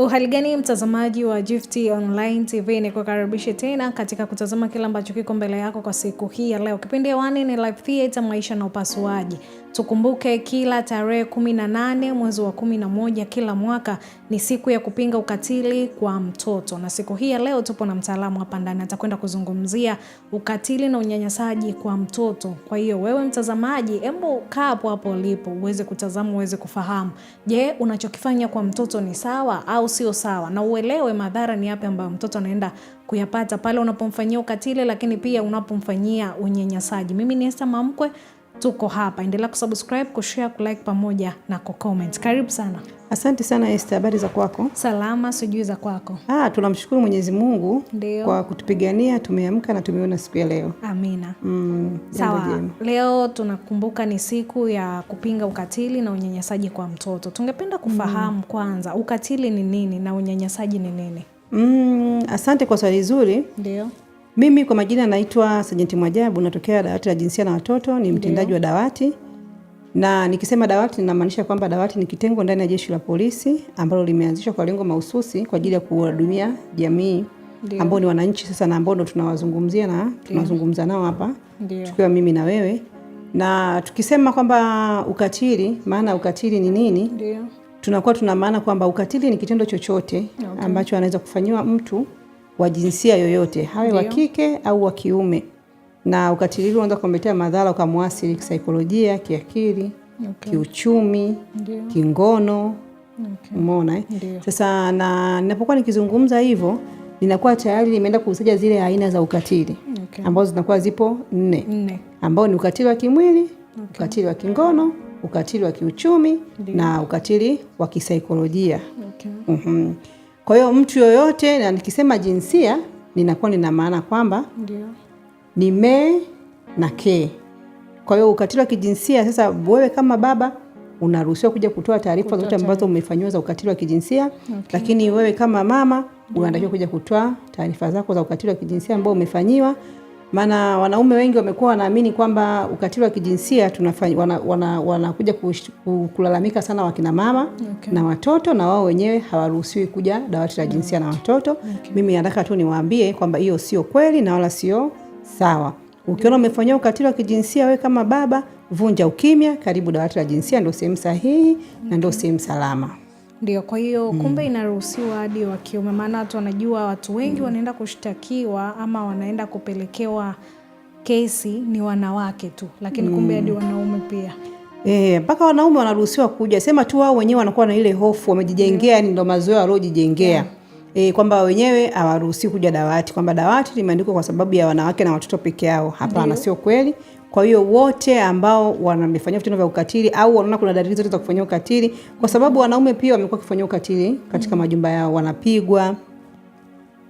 Uhaligani oh, mtazamaji wa Gift Online TV, ni kukaribishe tena katika kutazama kile ambacho kiko mbele yako kwa siku hii ya leo. Kipindi hewani ni Live theater, maisha na upasuaji. Tukumbuke kila tarehe kumi na nane mwezi wa kumi kila mwaka ni siku ya kupinga ukatili kwa mtoto, na siku hii ya leo tupo na mtaalamu hapa ndani atakwenda kuzungumzia ukatili na unyanyasaji kwa mtoto. Kwa hiyo wewe mtazamaji, hebu kaa hapo hapo ulipo uweze kutazama, uweze kufahamu, je, unachokifanya kwa mtoto ni sawa au sio sawa, na uelewe madhara ni yapi ambayo mtoto anaenda kuyapata pale unapomfanyia ukatili, lakini pia unapomfanyia unyanyasaji. Mimi ni Esther Mamkwe tuko hapa. Endelea kusubscribe, kushare, kulike pamoja na kucomment. Karibu sana. Asante sana Esther, habari za kwako? Salama, sijui za kwako. Ah, tunamshukuru Mwenyezi Mungu kwa kutupigania tumeamka na tumeona siku ya leo. Amina. Mm, sawa. Leo tunakumbuka ni siku ya kupinga ukatili na unyanyasaji kwa mtoto. Tungependa kufahamu mm, kwanza ukatili ni nini na unyanyasaji ni nini? Mm, asante kwa swali zuri. Ndio. Mimi kwa majina naitwa Sajenti Mwajabu, natokea dawati la jinsia na watoto, ni mtendaji wa dawati na nikisema dawati ninamaanisha kwamba dawati ni kitengo ndani ya jeshi la polisi ambalo limeanzishwa kwa lengo mahususi kwa ajili ya kuwahudumia jamii ambao ni wananchi sasa, na ambao ndo tunawazungumzia na tunazungumza nao hapa tukiwa mimi na wewe, na tukisema kwamba ukatili, maana ukatili ni nini? Ndiyo. Tunakuwa tuna maana kwamba ukatili ni kitendo chochote okay, ambacho anaweza kufanyiwa mtu wa jinsia yoyote hawe wa kike au wa kiume, na ukatili unaweza kumletea madhara ukamwathiri kisaikolojia, kiakili, okay. kiuchumi, Ndiyo. kingono okay. Umeona eh? Sasa na ninapokuwa nikizungumza hivyo ninakuwa tayari nimeenda kuhusaja zile aina za ukatili okay. ambazo zinakuwa zipo nne, nne. ambao ni ukatili wa kimwili okay. ukatili wa kingono ukatili wa kiuchumi Ndiyo. na ukatili wa kisaikolojia okay. mm -hmm. Kwa hiyo mtu yoyote, na nikisema jinsia ninakuwa nina maana kwamba ni me na ke. Kwa hiyo ukatili wa kijinsia sasa, wewe kama baba unaruhusiwa kuja kutoa taarifa zote ambazo umefanyiwa za ukatili wa kijinsia okay. Lakini wewe kama mama unatakiwa kuja kutoa taarifa zako za ukatili wa kijinsia ambao umefanyiwa maana wanaume wengi wamekuwa wanaamini kwamba ukatili wa kijinsia tunafanya, wanakuja wana, wana kulalamika sana wakina mama okay. na watoto na wao wenyewe hawaruhusiwi kuja dawati la jinsia okay. na watoto okay. Mimi nataka tu niwaambie kwamba hiyo sio kweli na wala sio sawa. Ukiona umefanyia ukatili wa kijinsia we kama baba, vunja ukimya, karibu dawati la jinsia, ndio sehemu sahihi okay. na ndio sehemu salama. Ndio, kwa hiyo mm. kumbe inaruhusiwa hadi wa kiume, maana watu wanajua, watu wengi mm. wanaenda kushtakiwa ama wanaenda kupelekewa kesi ni wanawake tu, lakini kumbe mm. hadi wanaume pia eh, mpaka e, wanaume wanaruhusiwa kuja. Sema tu wao wenyewe wanakuwa na ile hofu, wamejijengea Ni ndo mazoea waliojijengea yeah. E, kwamba wenyewe hawaruhusi kuja dawati, kwamba dawati limeandikwa kwa sababu ya wanawake na watoto peke yao. Hapana, sio kweli. Kwa hiyo wote ambao wanamefanyia vitendo vya ukatili au wanaona kuna dalili zote za kufanyia ukatili, kwa sababu wanaume pia wamekuwa wakifanyia ukatili katika mm. majumba yao, wanapigwa,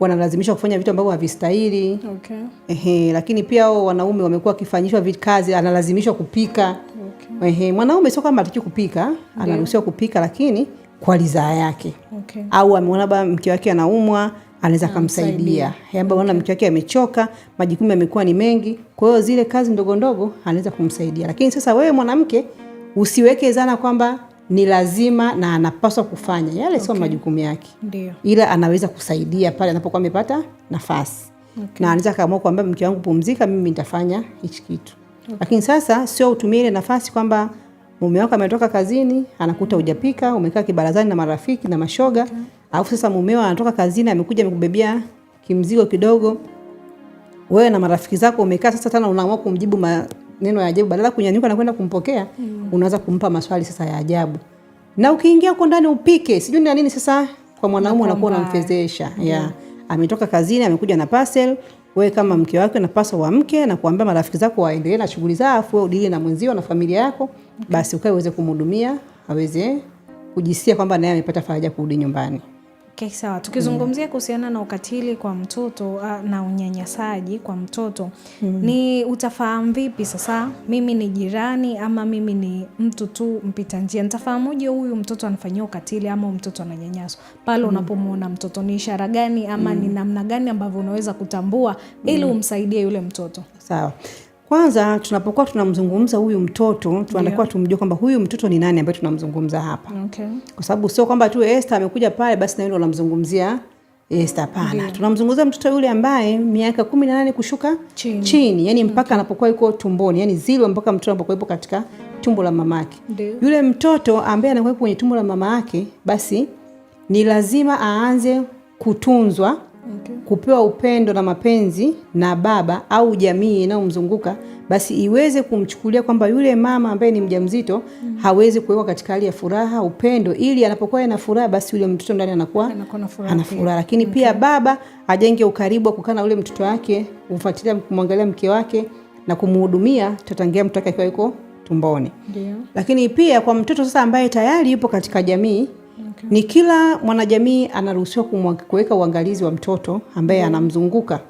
wanalazimishwa kufanya vitu ambavyo havistahili. Okay. Ehe, lakini pia hao wanaume wamekuwa wakifanyishwa kazi, analazimishwa kupika. Okay. Ehe, mwanaume sio kama atakiwa kupika, anaruhusiwa kupika lakini kwa ridhaa yake. Okay. Au ameona baba mke wake anaumwa anaweza akamsaidia, labda unaona mke wake amechoka, majukumu yamekuwa ni mengi, kwa hiyo zile kazi ndogo ndogo anaweza kumsaidia. Lakini sasa wewe mwanamke usiweke zana kwamba ni lazima na anapaswa kufanya yale, okay. Sio majukumu yake, ila anaweza kusaidia pale anapokuwa amepata nafasi, okay. Na anaweza kaamua kwamba mke wangu pumzika, mimi nitafanya hichi kitu, okay. Lakini sasa sio utumie ile nafasi kwamba mume wako ametoka kazini anakuta hujapika, umekaa kibarazani na marafiki na mashoga, okay alafu sasa mumeo anatoka kazini amekuja amekubebea kimzigo kidogo, wewe na marafiki zako umekaa sasa tena unaamua kumjibu maneno ya ajabu, badala kunyanyuka na kwenda kumpokea mm. unaanza kumpa maswali sasa ya ajabu, na ukiingia huko ndani upike sijui na nini. Sasa kwa mwanaume unakuwa unamfezesha mm. yeah. ametoka kazini amekuja na parcel wewe kama mke wake unapaswa uamke na kuambia marafiki zako waendelee na shughuli zao, afu wewe udili na mwenzio na familia yako, okay. basi ukae uweze kumhudumia aweze kujisikia kwamba naye amepata faraja kurudi nyumbani. Okay, sawa. Tukizungumzia mm. kuhusiana na ukatili kwa mtoto uh, na unyanyasaji kwa mtoto mm. ni utafahamu vipi sasa, mimi ni jirani ama mimi ni mtu tu mpita njia, nitafahamuje huyu mtoto anafanyia ukatili ama mtoto ananyanyaswa? Pale mm. unapomwona mtoto ni ishara gani ama mm. ni namna gani ambavyo unaweza kutambua ili mm. umsaidie yule mtoto? Sawa. Kwanza tunapokuwa tunamzungumza huyu mtoto tunatakiwa tumjue kwamba huyu mtoto ni nani ambaye tunamzungumza hapa, okay. Kwa sababu sio kwamba tu Esther amekuja pale basi na yule unamzungumzia Esther, hapana. Tunamzungumzia mtoto yule ambaye miaka kumi na nane kushuka chini, chini. Yani mpaka okay. anapokuwa yuko tumboni, yani zilo mpaka mtoto anapokuwa yupo katika tumbo la mama yake, yule mtoto ambaye anakuwa kwenye tumbo la mama yake, basi ni lazima aanze kutunzwa okay. kupewa upendo na mapenzi na baba au jamii inayomzunguka basi iweze kumchukulia kwamba yule mama ambaye ni mjamzito mm -hmm. hawezi kuwekwa katika hali ya furaha, upendo, ili anapokuwa ana furaha, basi yule mtoto ndani anakuwa ana furaha. Lakini okay. Mm. pia baba ajenge ukaribu wa kukaa na yule mtoto wake, kumfuatilia, kumwangalia mke wake na kumhudumia tatangia mtoto wake akiwa yuko tumboni. yeah. Lakini pia kwa mtoto sasa ambaye tayari yupo katika jamii Okay. Ni kila mwanajamii anaruhusiwa kuweka uangalizi wa mtoto ambaye mm. anamzunguka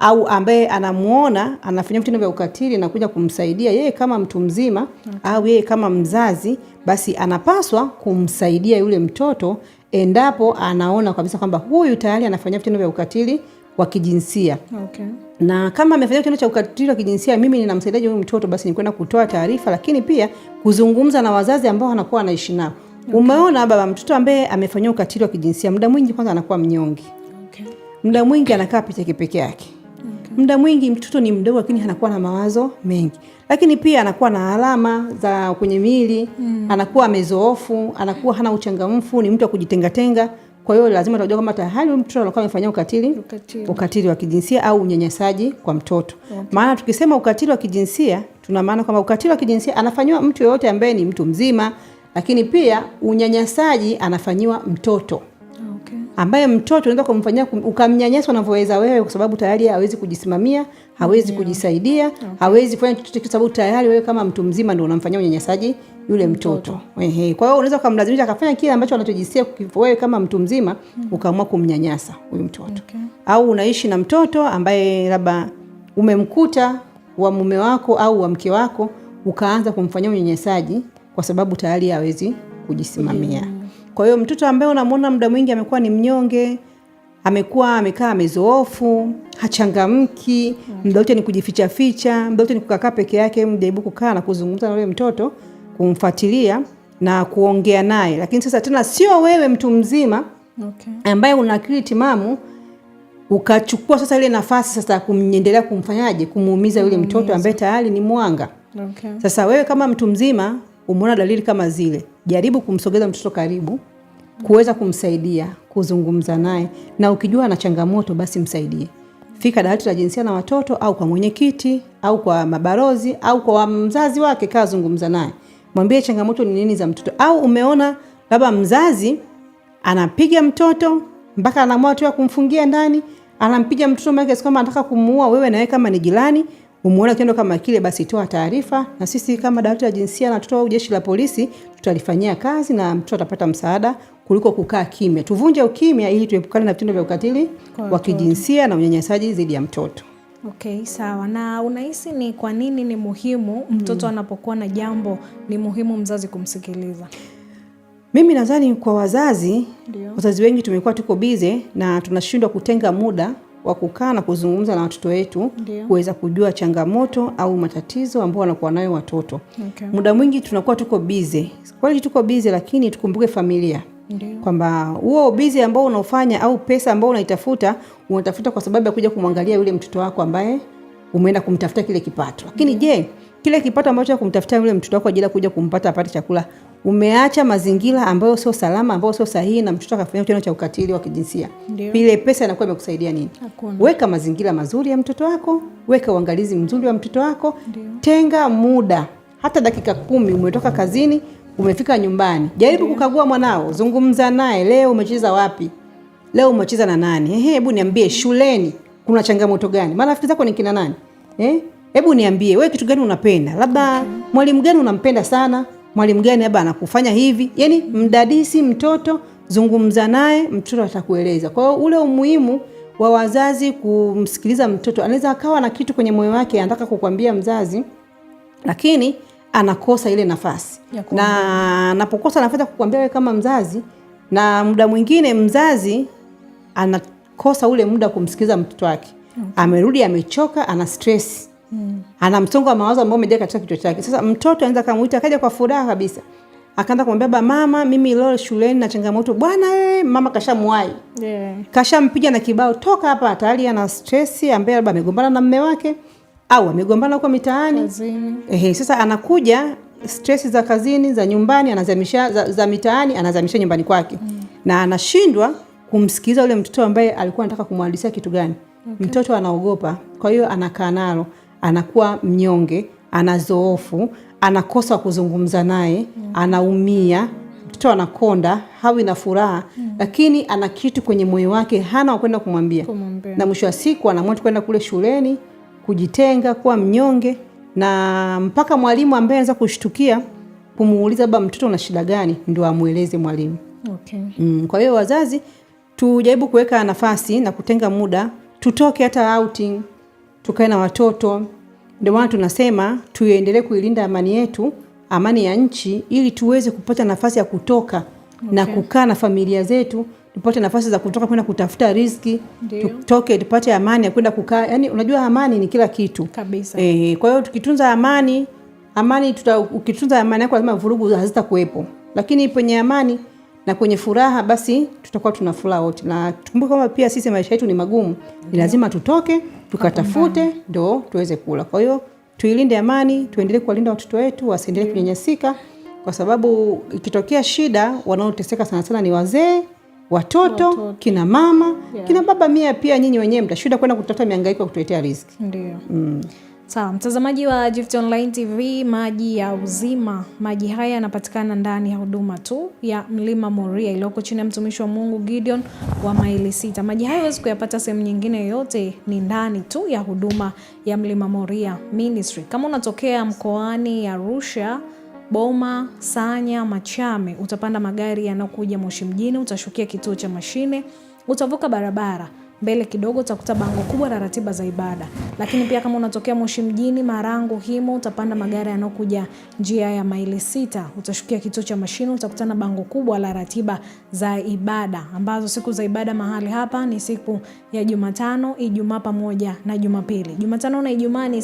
au ambaye anamwona anafanya vitendo vya ukatili na kuja kumsaidia yeye kama mtu mzima okay. au yeye kama mzazi, basi anapaswa kumsaidia yule mtoto endapo anaona kabisa kwamba huyu tayari anafanya vitendo vya ukatili wa kijinsia okay. na kama amefanya kitendo cha ukatili wa kijinsia mimi ninamsaidiaje huyu mtoto? Basi ni kwenda kutoa taarifa, lakini pia kuzungumza na wazazi ambao anakuwa anaishi nao okay. Umeona baba, mtoto ambaye amefanyia ukatili wa kijinsia muda mwingi kwanza anakuwa mnyonge okay. Muda mwingi anakaa peke peke yake okay. Muda mwingi mtoto ni mdogo, lakini anakuwa na mawazo mengi, lakini pia anakuwa na alama za kwenye miili mm. Anakuwa amezoofu, anakuwa hana uchangamfu, ni mtu wa kujitengatenga. Kwa hiyo lazima tutajua kama tayari mtoto alikuwa amefanyia ukatili, ukatili ukatili wa kijinsia au unyanyasaji kwa mtoto okay. Maana tukisema ukatili wa kijinsia tuna maana kwamba ukatili wa kijinsia anafanywa mtu yoyote ambaye ni mtu mzima lakini pia unyanyasaji anafanyiwa mtoto okay. ambaye mtoto unaweza kumfanyia ukamnyanyasa unavyoweza wewe, kwa sababu tayari hawezi kujisimamia, hawezi yeah. kujisaidia okay. hawezi kufanya chochote, kwa sababu tayari wewe kama mtu mzima ndio unamfanyia unyanyasaji yule mtoto, mtoto. Ehe, kwa hiyo unaweza ukamlazimisha akafanya kile ambacho anachojisikia wewe kama mtu mzima hmm. ukaamua kumnyanyasa huyu mtoto okay. au unaishi na mtoto ambaye labda umemkuta wa mume wako au wa mke wako ukaanza kumfanyia unyanyasaji kwa sababu tayari hawezi kujisimamia. Kwa hiyo mtoto ambaye unamwona muda mwingi amekuwa ni mnyonge, amekuwa amekaa amezoofu, hachangamki, mm. muda wote ni kujificha ficha, muda wote ni kukaa peke yake. Mjaribu kukaa na kuzungumza na yule mtoto, kumfuatilia na kuongea naye. Lakini sasa tena sio wewe mtu mzima okay, ambaye una akili timamu ukachukua sasa ile nafasi sasa kumnyendelea kumfanyaje, kumuumiza yule mtoto ambaye tayari ni mwanga okay. Sasa wewe kama mtu mzima umeona dalili kama zile, jaribu kumsogeza mtoto karibu, kuweza kumsaidia kuzungumza naye, na ukijua ana changamoto basi msaidie. Fika dawati la jinsia na watoto au kwa mwenyekiti au kwa mabalozi au kwa mzazi wake, kaa zungumza naye, mwambie changamoto ni nini za mtoto, au umeona baba mzazi anapiga mtoto mpaka anaamua tu ya kumfungia ndani, anampiga mtoto mpaka anataka kumuua, wewe nawe kama ni jirani umeona kitendo kama kile, basi toa taarifa, na sisi kama dawati la jinsia na watoto au jeshi la polisi tutalifanyia kazi na mtoto atapata msaada kuliko kukaa kimya. Tuvunje ukimya ili tuepukane na vitendo vya ukatili wa kijinsia na unyanyasaji dhidi ya mtoto. Okay, sawa. Na unahisi ni kwa nini ni muhimu mtoto hmm, anapokuwa na jambo ni muhimu mzazi kumsikiliza? Mimi nadhani kwa wazazi, Dio, wazazi wengi tumekuwa tuko bize na tunashindwa kutenga muda wa kukaa na kuzungumza na watoto wetu kuweza kujua changamoto au matatizo ambao wanakuwa nayo watoto. Okay. Muda mwingi tunakuwa tuko bize, kweli tuko bize, lakini tukumbuke familia kwamba huo ubizi ambao unaofanya au pesa ambao unaitafuta unatafuta kwa sababu ya kuja kumwangalia yule mtoto wako ambaye umeenda kumtafuta kile kipato. Lakini je, kile kipato ambacho kumtafuta yule mtoto wako ajili ya kuja kumpata apate chakula umeacha mazingira ambayo sio salama, ambayo sio sahihi, na mtoto akafanya kitendo cha ukatili wa kijinsia, ile pesa inakuwa imekusaidia nini? Hakuna. Weka mazingira mazuri ya mtoto wako, weka uangalizi mzuri wa mtoto wako. Ndiyo. Tenga muda hata dakika kumi, umetoka kazini umefika nyumbani, jaribu kukagua mwanao, zungumza naye. Leo umecheza wapi? Leo umecheza na nani? Ehe, hebu niambie, shuleni kuna changamoto gani? Marafiki zako ni kina nani? Eh, hebu niambie, wewe kitu gani unapenda? Labda mwalimu gani unampenda sana? mwalimu gani labda anakufanya hivi. Yani mdadisi mtoto, zungumza naye, mtoto atakueleza. Kwa hiyo ule umuhimu wa wazazi kumsikiliza mtoto. Anaweza akawa na kitu kwenye moyo wake anataka kukwambia mzazi, lakini anakosa ile nafasi, na anapokosa nafasi ya kukwambia wewe kama mzazi, na muda mwingine mzazi anakosa ule muda kumsikiliza mtoto wake. Okay. Amerudi amechoka, ana stress mm. ana msongo wa mawazo ambao umejaa katika kichwa chake. Sasa mtoto anaweza kumuita akaja kwa furaha kabisa akaanza kumwambia baba, mama, mimi leo shuleni na changamoto bwana. Wewe mama kashamwahi, yeah. kashampiga na kibao toka hapa. Tayari ana stress, ambaye labda amegombana na mume wake au amegombana huko mitaani. Ehe, sasa anakuja stress za kazini za nyumbani anazamisha za, za mitaani anazamisha nyumbani kwake mm. na anashindwa kumsikiliza ule mtoto ambaye alikuwa anataka kumwandisia kitu gani. Okay. Mtoto anaogopa, kwa hiyo anakaa nalo anakuwa mnyonge, anazoofu, anakosa kuzungumza naye, mm. anaumia, mtoto anakonda, hawi na furaha mm. Lakini ana kitu kwenye moyo wake, hana wakwenda kumwambia, na mwisho wa siku anaamua kwenda kule shuleni kujitenga, kuwa mnyonge, na mpaka mwalimu ambaye anaweza kushtukia kumuuliza, baba, mtoto una shida gani, ndio amweleze mwalimu. Okay. Mm, kwa hiyo wazazi tujaribu kuweka nafasi na kutenga muda, tutoke hata outing tukae na watoto. Ndio maana tunasema tuendelee kuilinda amani yetu, amani ya nchi, ili tuweze kupata nafasi ya kutoka okay, na kukaa na familia zetu, tupate nafasi za kutoka kwenda kutafuta riziki, tutoke tupate amani ya kwenda kukaa. Yani unajua amani ni kila kitu kabisa. E, kwa hiyo tukitunza amani amani tuta, ukitunza amani yako lazima vurugu hazitakuwepo, lakini penye amani na kwenye furaha basi tutakuwa tuna furaha wote, na tukumbuke kwamba pia sisi maisha yetu ni magumu, ni lazima tutoke tukatafute ndo tuweze kula. Kwa hiyo tuilinde amani, tuendelee kuwalinda watoto wetu wasiendelee kunyanyasika, kwa sababu ikitokea shida wanaoteseka sana sana ni wazee, watoto, watoto, kina mama yeah, kina baba mia, pia nyinyi wenyewe mtashida kwenda kutafuta miangaiko ya kutuletea riziki. Ndio. Mm. Sawa mtazamaji wa Gift Online TV, maji ya uzima. Maji haya yanapatikana ndani ya huduma tu ya Mlima Moria iliyoko chini ya mtumishi wa Mungu Gideon wa maili sita. Maji haya huwezi kuyapata sehemu nyingine yoyote, ni ndani tu ya huduma ya Mlima Moria Ministry. Kama unatokea mkoani Arusha Boma, Sanya, Machame, utapanda magari yanayokuja Moshi mjini, utashukia kituo cha mashine, utavuka barabara mbele kidogo utakuta bango kubwa la ratiba za ibada. Lakini pia kama unatokea Moshi mjini, Marangu, Himo, utapanda magari yanayokuja njia ya maili sita, utashukia kituo cha Mashine, utakutana bango kubwa la ratiba za ibada, ambazo siku za ibada mahali hapa ni siku ya Jumatano, Ijumaa pamoja na Jumapili. Jumatano na Ijumaa ni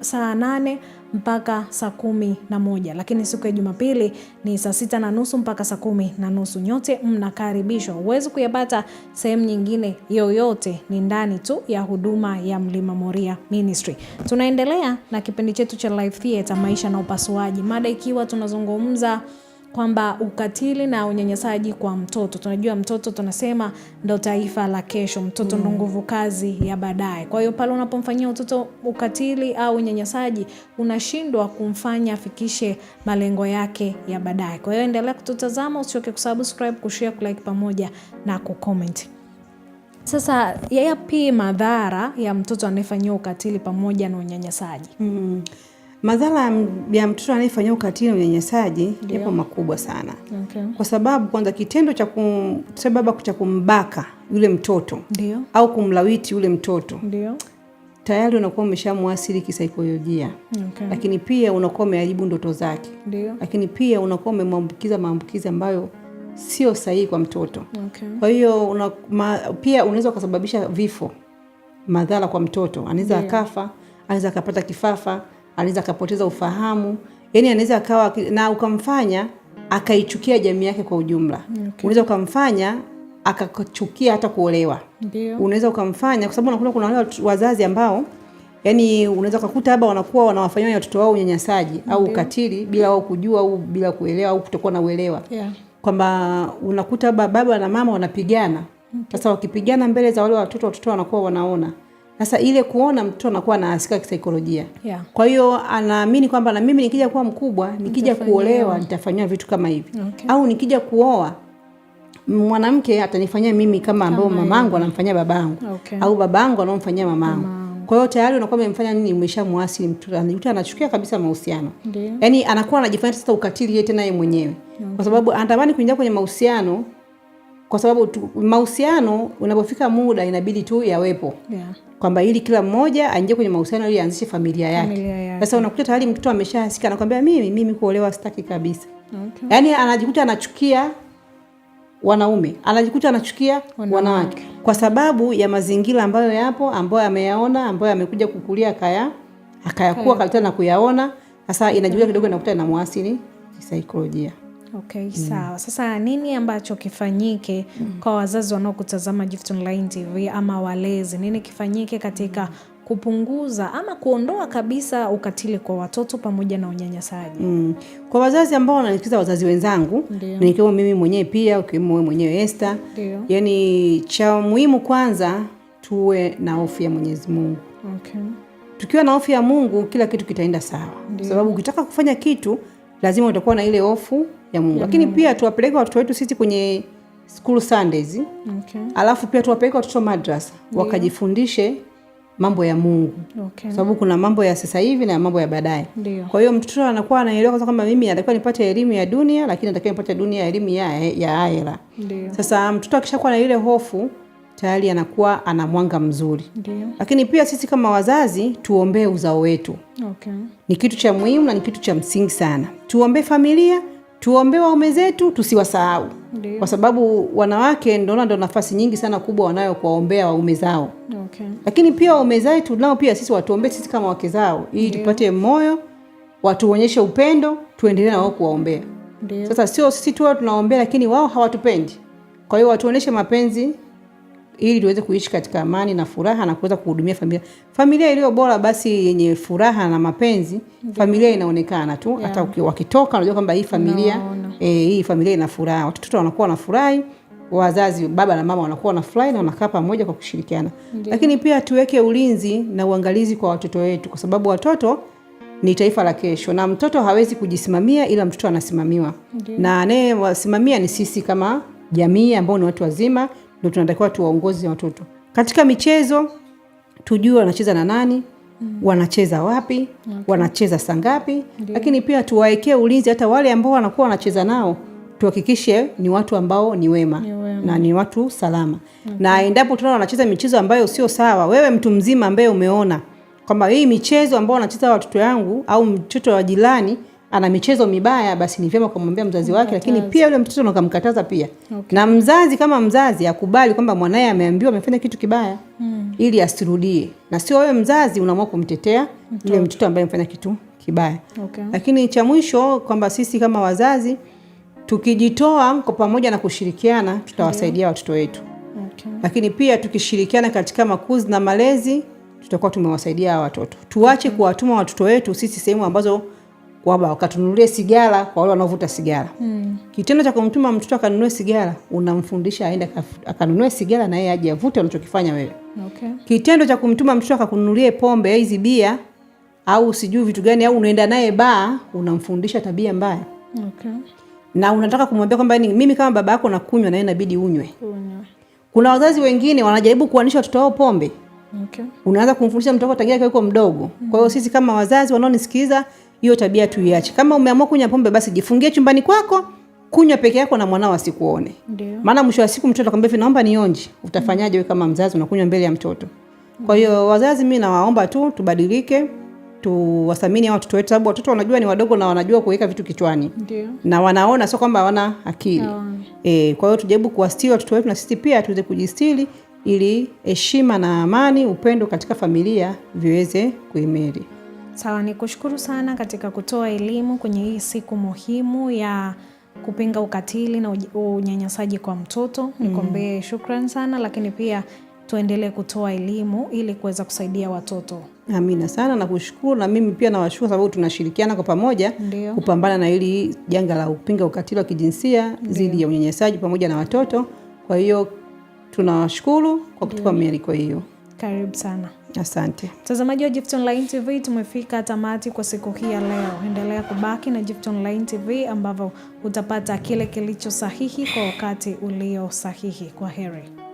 saa nane mpaka saa kumi na moja lakini siku ya Jumapili ni saa sita na nusu mpaka saa kumi na nusu. Nyote mnakaribishwa. Huwezi kuyapata sehemu nyingine yoyote, ni ndani tu ya huduma ya Mlima Moria Ministry. Tunaendelea na kipindi chetu cha live theater, maisha na upasuaji, mada ikiwa tunazungumza kwamba ukatili na unyanyasaji kwa mtoto, tunajua mtoto tunasema ndo taifa la kesho, mtoto ndo mm. nguvu kazi ya baadaye. Kwa hiyo pale unapomfanyia mtoto ukatili au unyanyasaji, unashindwa kumfanya afikishe malengo yake ya baadaye. Kwa hiyo endelea kututazama, usichoke kusubscribe, kushare, kulike pamoja na kucomment. Sasa yapi madhara ya mtoto anayefanyia ukatili pamoja na unyanyasaji? mm. Madhara ya mtoto anayefanyia ukatili na unyanyasaji yapo makubwa sana. Okay. Kwa sababu kwanza kitendo cha kusababa cha kumbaka yule mtoto Dio. au kumlawiti yule mtoto Dio. tayari unakuwa umeshamwasiri kisaikolojia. Okay. Lakini pia unakuwa umeharibu ndoto zake. Lakini pia unakuwa umemwambukiza maambukizi ambayo sio sahihi kwa mtoto. Okay. Kwa hiyo una, ma, pia unaweza ukasababisha vifo, madhara kwa mtoto, anaweza akafa, anaweza akapata kifafa anaweza akapoteza ufahamu, yani anaweza akawa na ukamfanya akaichukia jamii yake kwa ujumla. Mm, okay. Unaweza ukamfanya akachukia hata kuolewa. Ndio. Unaweza ukamfanya kwa sababu unakuta kuna wale wazazi ambao yani unaweza kukuta labda wanakuwa wanawafanyia watoto wao unyanyasaji au ukatili bila wao kujua au bila kuelewa au kutokuwa na uelewa. Yeah. Kwamba unakuta baba na mama wanapigana. Sasa wakipigana mbele za wale watoto, watoto wanakuwa wanaona sasa ile kuona mtoto anakuwa anaasika kisaikolojia. Yeah. Kwa hiyo anaamini kwamba na mimi nikija kuwa mkubwa, nikija kuolewa nitafanyiwa vitu kama hivi. Okay. Au nikija kuoa mwanamke atanifanyia mimi kama ambayo mamangu anamfanyia babangu. Okay. Au babangu anaomfanyia mamangu. Kwa hiyo tayari unakuwa umemfanya nini, umeshamwasi mtu. Mtu anachukia kabisa mahusiano. Yaani anakuwa anajifanya sasa ukatili yeye tena yeye mwenyewe. Okay. Kwa sababu anatamani kuingia kwenye mahusiano kwa sababu mahusiano unapofika muda inabidi tu yawepo yeah. Kwamba ili kila mmoja aingie kwenye mahusiano ili aanzishe familia yake. Sasa unakuta tayari mtoto ameshasika anakwambia mimi mimi kuolewa sitaki kabisa. Okay. Yaani anajikuta anachukia wanaume, anajikuta anachukia wanawake kwa sababu ya mazingira ambayo yapo, ambayo ameyaona, ambayo amekuja kukulia kaya akayakuwa okay. Kalitana na kuyaona sasa, inajulia kidogo, inakuta inamwasili kisaikolojia. Okay, mm. sawa. Sasa nini ambacho kifanyike mm. kwa wazazi wanaokutazama Gift Online TV ama walezi? Nini kifanyike katika kupunguza ama kuondoa kabisa ukatili kwa watoto pamoja na unyanyasaji? Mm. Kwa wazazi ambao wananisikiza, wazazi wenzangu, nikiwemo mimi mwenyewe pia, ukiwemo wewe mwenyewe Esther. yani cha muhimu kwanza tuwe na hofu ya Mwenyezi Mungu. Okay. Tukiwa na hofu ya Mungu kila kitu kitaenda sawa. Kwa sababu ukitaka kufanya kitu lazima utakuwa na ile hofu ya Mungu. Lakini pia tuwapeleke watoto wetu sisi kwenye school Sundays. Okay. Alafu pia tuwapeleke watoto madrasa wakajifundishe mambo ya Mungu. Okay. Sababu kuna mambo ya sasa hivi na mambo ya baadaye. Kwa hiyo mtoto anakuwa anaelewa kama mimi natakiwa nipate elimu ya dunia, lakini natakiwa nipate dunia elimu ya ya ahera. Sasa mtoto akishakuwa na ile hofu tayari anakuwa ana mwanga mzuri. Ndiyo. Lakini pia sisi kama wazazi tuombee uzao wetu. Okay. Ni kitu cha muhimu na ni kitu cha msingi sana. Tuombee familia, tuombee waume zetu, tusiwasahau. Kwa sababu wanawake ndoona ndo nafasi nyingi sana kubwa wanayo kuwaombea waume zao. Okay. Lakini pia waume zetu nao pia sisi watuombee sisi kama wake zao ili tupate moyo, watuonyeshe upendo, tuendelee na kuwaombea. Sasa sio sisi tu tunaombea, lakini wao hawatupendi. Kwa hiyo watuoneshe mapenzi ili tuweze kuishi katika amani na furaha na kuweza kuhudumia familia. Familia iliyo bora basi yenye furaha na mapenzi, familia inaonekana tu yeah. Hata wakitoka unajua kwamba hii familia no, no. E, hii familia ina furaha, watoto wanakuwa wanafurahi, wazazi baba na mama wanakuwa wanafurahi na wanakaa pamoja kwa kushirikiana. Lakini pia tuweke ulinzi na uangalizi kwa watoto wetu, kwa sababu watoto ni taifa la kesho, na mtoto hawezi kujisimamia, ila mtoto anasimamiwa Ndiyo. na anayewasimamia ni sisi kama jamii ambao ni watu wazima ndo tunatakiwa tuwaongozi watoto katika michezo, tujue wanacheza na nani mm. wanacheza wapi okay. wanacheza saa ngapi, lakini pia tuwaekee ulinzi hata wale ambao wanakuwa wanacheza nao tuhakikishe ni watu ambao ni wema, ni wema na ni watu salama okay. Na endapo tunaona wanacheza michezo ambayo sio sawa, wewe mtu mzima ambaye umeona kwamba hii michezo ambao wanacheza watoto yangu au mtoto wa jirani ana michezo mibaya, basi ni vyema kumwambia mzazi wake, lakini pia yule mtoto unakamkataza pia okay. Na mzazi kama mzazi akubali kwamba mwanaye ameambiwa amefanya kitu kibaya hmm. ili asirudie, na sio wewe mzazi unaamua kumtetea yule mtoto ambaye amefanya kitu kibaya okay. Lakini cha mwisho kwamba sisi kama wazazi tukijitoa kwa pamoja na kushirikiana tutawasaidia okay. watoto wetu okay. Lakini pia tukishirikiana katika makuzi na malezi tutakuwa tumewasaidia hawa watoto. Tuache okay. kuwatuma watoto wetu sisi sehemu ambazo kwamba wakatununulie sigara kwa wale wanaovuta sigara mm. Kitendo cha kumtuma mtoto akanunue sigara, unamfundisha aende akanunue sigara na yeye aje avute unachokifanya wewe okay. Kitendo cha kumtuma mtoto akakununulie pombe hizi bia au sijui vitu gani, au unaenda naye baa, unamfundisha tabia mbaya okay. Na unataka kumwambia kwamba mimi kama baba yako nakunywa na yeye inabidi unywe. Kuna wazazi wengine wanajaribu kuanisha watoto wao pombe Okay. Unaanza kumfundisha mtoto tangia akiwa yuko mdogo. Kwa hiyo sisi kama wazazi wanaonisikiliza, hiyo tabia tuiache. Kama umeamua kunywa pombe, basi jifungie chumbani kwako, kunywa peke yako na mwanao asikuone. Ndio. Maana mwisho wa siku mtoto akwambia hivi, naomba nionje. Utafanyaje wewe kama mzazi unakunywa mbele ya mtoto? Kwa hiyo wazazi, mimi nawaomba tu tubadilike, tuwathamini hao watoto wetu, sababu watoto wanajua ni wadogo na wanajua kuweka vitu kichwani. Ndiyo. na wanaona sio kwamba wana akili. E, kwa hiyo tujaribu kuwastiri watoto wetu na sisi pia tuweze kujistiri ili heshima na amani, upendo katika familia viweze kuimiri Sawa, ni kushukuru sana katika kutoa elimu kwenye hii siku muhimu ya kupinga ukatili na unyanyasaji kwa mtoto. Nikuambie mm. Shukran sana lakini pia tuendelee kutoa elimu ili kuweza kusaidia watoto. Amina sana na kushukuru, na mimi pia nawashukuru sababu tunashirikiana kwa pamoja Ndiyo. kupambana na hili janga la kupinga ukatili wa kijinsia dhidi ya unyanyasaji pamoja na watoto. Kwa hiyo tunawashukuru kwa kutupa mialiko hiyo. Karibu sana. Asante mtazamaji wa Gift Online TV, tumefika tamati kwa siku hii ya leo. Endelea kubaki na Gift Online TV ambavyo utapata kile kilicho sahihi kwa wakati ulio sahihi. Kwa heri.